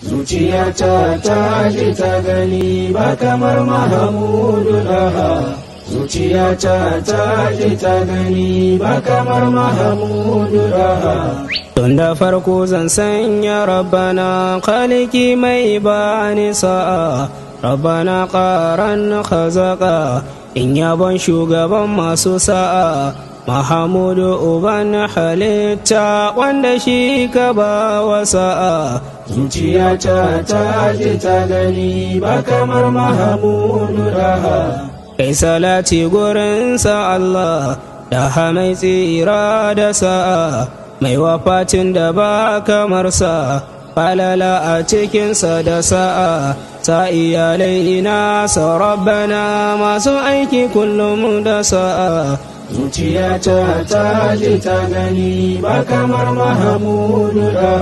zuciyata ta ji ta gani ba kamar mahamudu ha. zuciyata ta ji ta gani ba kamar mahamudu laha tun da farko zan sanya rabana kaliki mai bani sa'a rabana ƙaran khazaka in yabon shugaban masu sa'a Mahamudu uban halitta wanda shi ka ba sa'a. zuciyata ta ji ta gani ba kamar Mahamudu raha. Kai salati gurinsa Allah da mai tsira da sa'a mai wafatin da ba kamar sa falala a cikinsa da sa'a ta iyalai ina sa rabbana masu aiki kullum da sa'a zuciyata ta ji ta gani ba kamar mahamudu da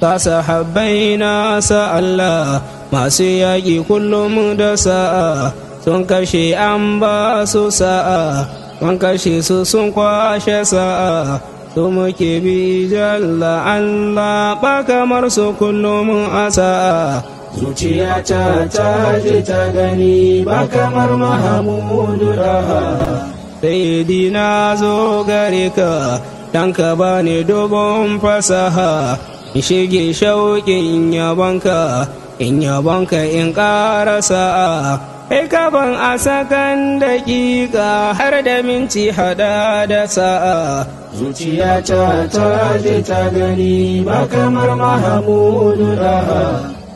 ka sahabbai nasa Allah masu yaƙi kullum da sa'a sun kashe an ba su sa'a sun kashe su sun kwashe sa'a su muke bi jalla Allah ba kamar su kullum a sa'a zuciyata ta ji ta gani ba kamar mahamudu da ha. saidi na zo gare ka dan ka bani dubon fasaha in shige shauƙin yabonka in yabonka in ƙara sa'a kai ban a sakan daƙiƙa har da minti haɗa da sa'a zuciya ta ta je ta gani ba kamar mahamudu da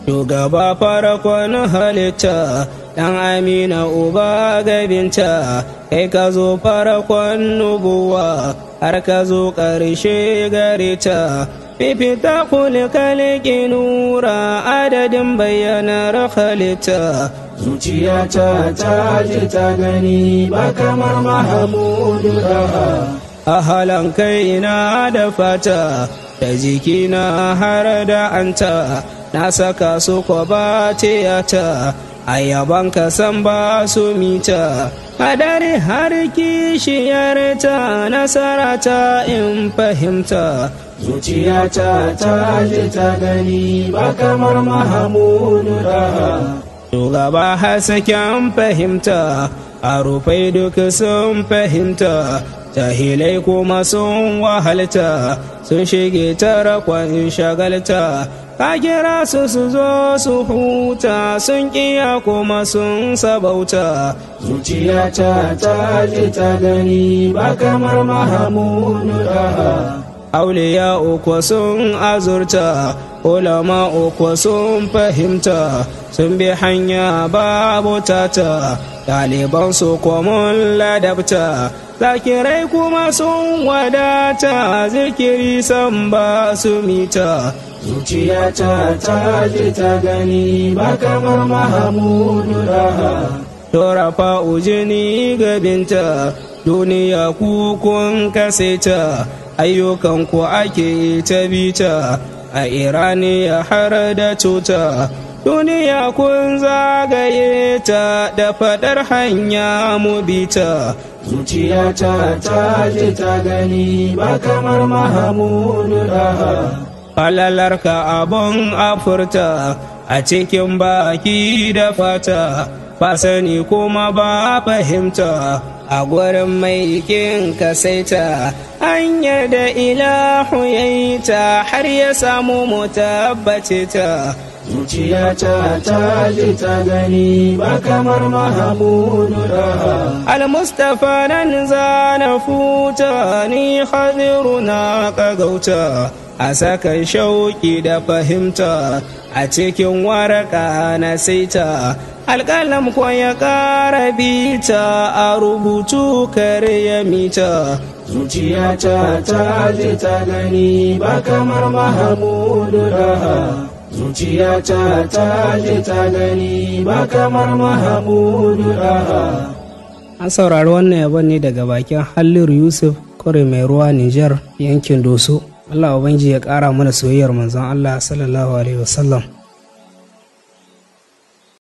shugaba farakon halitta ɗan amina uba gabinta kai ka zo farakon nubuwa har ka zo ƙarshe garita ta fifita kulkaliki nura adadin bayyanar halitta zuciya ta taji ta gani ba kamar mahamudu raha a halan kaina da fata da jikina har da anta na saka su kwaba tiyata a yaban ka san ba su mita Haɗar har kishiyarta nasarata in fahimta zuciyata ta ji ta gani ba kamar mahamudu shugaba hasken fahimta a rufai duk sun fahimta tahilai kuma sun wahalta sun shige tara kwan shagalta ka kira su su zo su huta sun ƙiya kuma sun sabauta zuciyata ta ji ta gani ba kamar mahamudu da auliya uku sun azurta ulama uku sun fahimta sun bi hanya babu tata su kwamun ladabta zakirai kuma sun wadata zikiri san ba su mita zuciyata ta je ta gani ba kamar mahamudu raha Dora ujini gabinta duniya kukun kaseta ayyukan ku ake ta bita a iraniya har da cuta duniya kun zagaye ta da fadar hanya mu bita zuciyata ta je ta gani ba kamar mahamudu raha falalarka abun afurta a cikin baki da fata ba sani kuma ba fahimta a gurin mai kin kasaita hanyar da ilahu har ya samu mu zuciyata ta ji ta gani ba kamar mahamudu da almustafa nan zana futa ni hadiru na ƙagauta a sakan shauƙi da fahimta a cikin waraka na saita alƙalam koya ya ƙara bita a rubutu kare ya mita zuciyata ta ji ta gani ba kamar mahamudu da zuciyata ta ji tanani ba kamar mahamudu a an saurari wannan yabon ne daga bakin halliru yusuf kore mai ruwa niger yankin doso allah ubangiji ya kara mana soyayyar manzon allah sallallahu alaihi wasallam